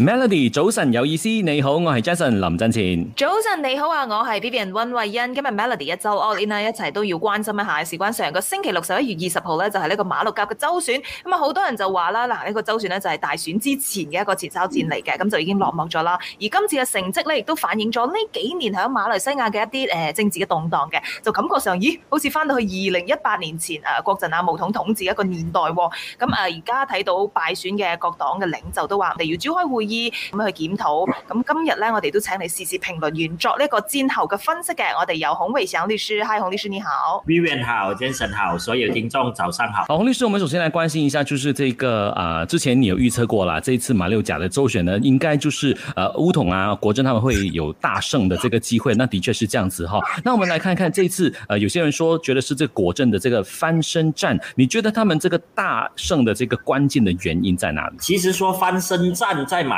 Melody，早晨有意思，你好，我係 Jason 林振前。早晨你好啊，我係 B B N 溫慧欣。今日 Melody 一周 All In，一齊都要關心一下，事關上個星期六十一月二十號呢，就係、是、呢個馬六甲嘅州選，咁啊好多人就話啦，嗱呢、這個州選呢，就係大選之前嘅一個前哨戰嚟嘅，咁、嗯、就已經落幕咗啦。而今次嘅成績呢，亦都反映咗呢幾年響馬來西亞嘅一啲誒、呃、政治嘅動蕩嘅，就感覺上咦好似翻到去二零一八年前誒、呃、國陣啊巫統統治一個年代、啊，咁啊而家睇到敗選嘅各黨嘅領袖都話，例如召開會議咁去檢討。咁今日呢，我哋都請嚟時事評論員作呢一個戰後嘅分析嘅。我哋有孔維尚律師、嗨孔律師，你好。Vivian 好，Jason 好，所有聽眾早上好。好，孔律師，我們首先嚟關心一下，就是這個啊、呃，之前你有預測過啦，這一次馬六甲的州選呢，應該就是、呃、啊巫統啊國政他們會有大勝的這個機會。 那的確是這樣子哈。那我們來看看這次，呃，有些人說覺得是這個國政的這個翻身戰，你覺得他們這個大勝的這個關鍵的原因在哪裏？其實，說翻身戰在馬。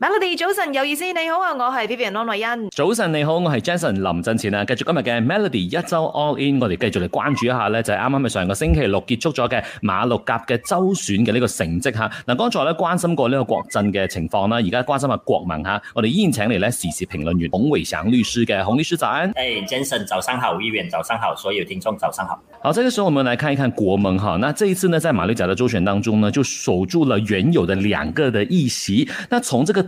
Melody 早晨有意思，你好啊，我係 Vivian 安慧欣。早晨你好，我是 Jason 林振前啊，繼續今日嘅 Melody 一周 All In，我哋繼續嚟關注一下咧，就係啱啱嘅上個星期六結束咗嘅馬六甲嘅州選嘅呢個成績吓。嗱、啊，剛才咧關心過呢個國陣嘅情況啦，而家關心下國盟吓，我哋依然請嚟咧時事評論員洪偉祥律師嘅洪律師早安。誒、hey，Jason 早上好，議員早上好，所有聽眾早上好。好，這個時候我們來看一看國盟吓，那這一次呢，在、就是、馬六甲的州選當中呢，就守住了原有的兩個的議席，那從這個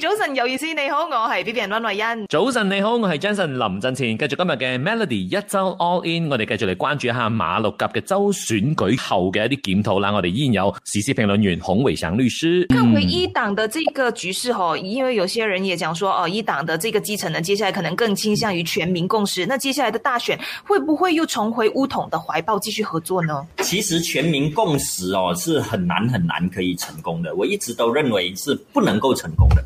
早晨有意思，你好，我係 B B n 溫慧欣。早晨你好，我係 Jason 林振前。繼續今日嘅 Melody 一周 All In，我哋繼續嚟關注一下馬六甲嘅州選舉後嘅一啲檢討啦。我哋依然有時事評論員孔維祥律師。看回一黨嘅這個局勢吼，因為有些人也講說哦，一黨嘅這個基層呢，接下來可能更傾向於全民共識。那接下來的大選會不會又重回巫統的懷抱繼續合作呢？其實全民共識哦，是很難很難可以成功的。我一直都認為是不能夠成功的。